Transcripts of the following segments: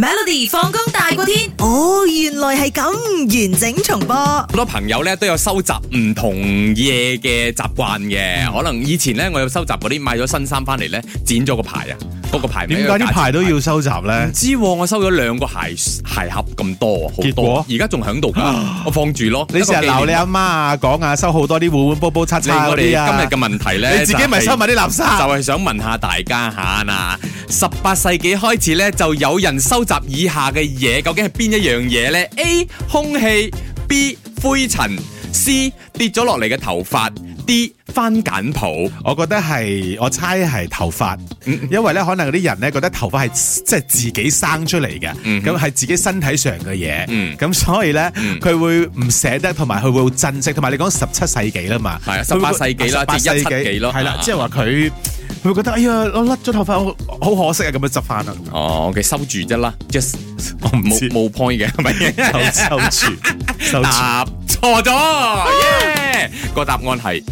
Melody 放工大過天，哦，原來係咁，完整重播。好多朋友咧都有收集唔同嘢嘅習慣嘅，嗯、可能以前咧我有收集嗰啲，買咗新衫翻嚟咧剪咗個牌啊。嗰個牌點解啲牌都要收集咧？唔知、啊、我收咗兩個鞋鞋盒咁多啊，好多結果而家仲響度，我放住咯。 你成日鬧你阿媽啊講啊，收好多啲碗碗煲煲七叉嗰啲啊。今日嘅問題咧，你自己咪收埋啲垃圾？就係、是就是、想問,問下大家下嗱、啊，十八世紀開始咧就有人收集以下嘅嘢，究竟係邊一樣嘢咧？A 空氣，B 灰塵，C 跌咗落嚟嘅頭髮，D。翻簡譜，我覺得係我猜係頭髮，因為咧可能有啲人咧覺得頭髮係即係自己生出嚟嘅，咁係自己身體上嘅嘢，咁所以咧佢會唔捨得，同埋佢會珍惜，同埋你講十七世紀啦嘛，係啊，十八世紀啦，十八世紀，係啦，即係話佢佢覺得哎呀，我甩咗頭髮，好可惜啊，咁樣執翻啊，哦，收住啫啦 just 冇冇 point 嘅，收收住，答錯咗，個答案係。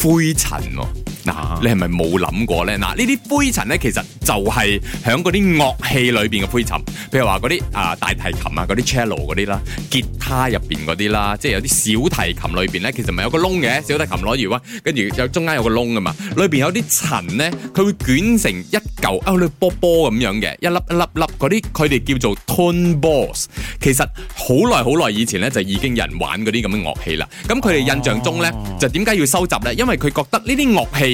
灰塵喎。嗱，你係咪冇諗過咧？嗱，呢啲灰塵咧，其實就係響啲樂器裏邊嘅灰塵，譬如話啲啊大提琴啊，啲 cello 啲啦，吉他入邊啲啦，即係有啲小提琴裏邊咧，其實咪有個窿嘅，小提琴攞住啊，跟住有中間有個窿噶嘛，裏邊有啲塵咧，佢會捲成一嚿啊似波波咁樣嘅，一粒一粒一粒啲，佢哋叫做 tone balls。其實好耐好耐以前咧，就已經有人玩啲咁嘅樂器啦。咁佢哋印象中咧，就點解要收集咧？因為佢覺得呢啲樂器。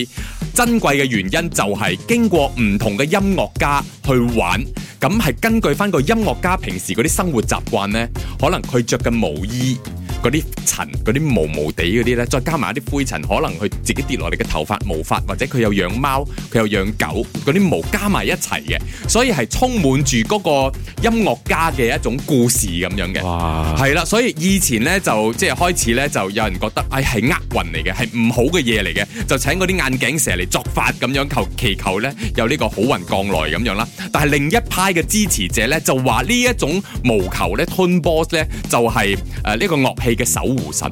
珍貴嘅原因就係經過唔同嘅音樂家去玩，咁係根據翻個音樂家平時嗰啲生活習慣呢，可能佢着嘅毛衣。嗰啲塵、嗰啲毛毛地嗰啲咧，再加埋一啲灰塵，可能佢自己跌落嚟嘅頭髮、毛髮，或者佢有養貓、佢有養狗，嗰啲毛加埋一齊嘅，所以係充滿住嗰個音樂家嘅一種故事咁樣嘅，係啦哇，所以以前咧就即係開始咧就有人覺得，唉係厄運嚟嘅，係唔好嘅嘢嚟嘅，就請嗰啲眼鏡蛇嚟作法咁樣求祈求咧，有呢個好運降來咁樣啦。但係另一派嘅支持者咧就話呢一種毛球咧吞波咧就係誒呢個樂器。嘅守護神，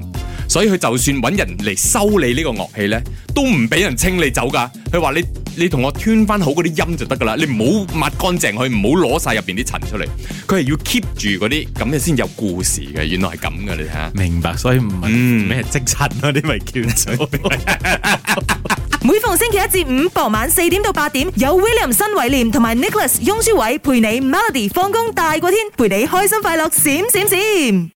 所以佢就算揾人嚟修理呢個樂器咧，都唔俾人清理走噶。佢話，你你同我 tune 翻好嗰啲音就得噶啦，你唔好抹乾淨佢，唔好攞晒入邊啲塵出嚟。佢係要 keep 住嗰啲，咁你先有故事嘅。原來係咁噶，你睇下。明白，所以唔係咩積塵嗰啲咪叫。嗯啊、每逢星期一至五傍晚四點到八點，有 William 新偉廉同埋 Nicholas 翁舒偉陪你 Melody 放工大過天，陪你開心快樂閃閃閃。閃閃閃閃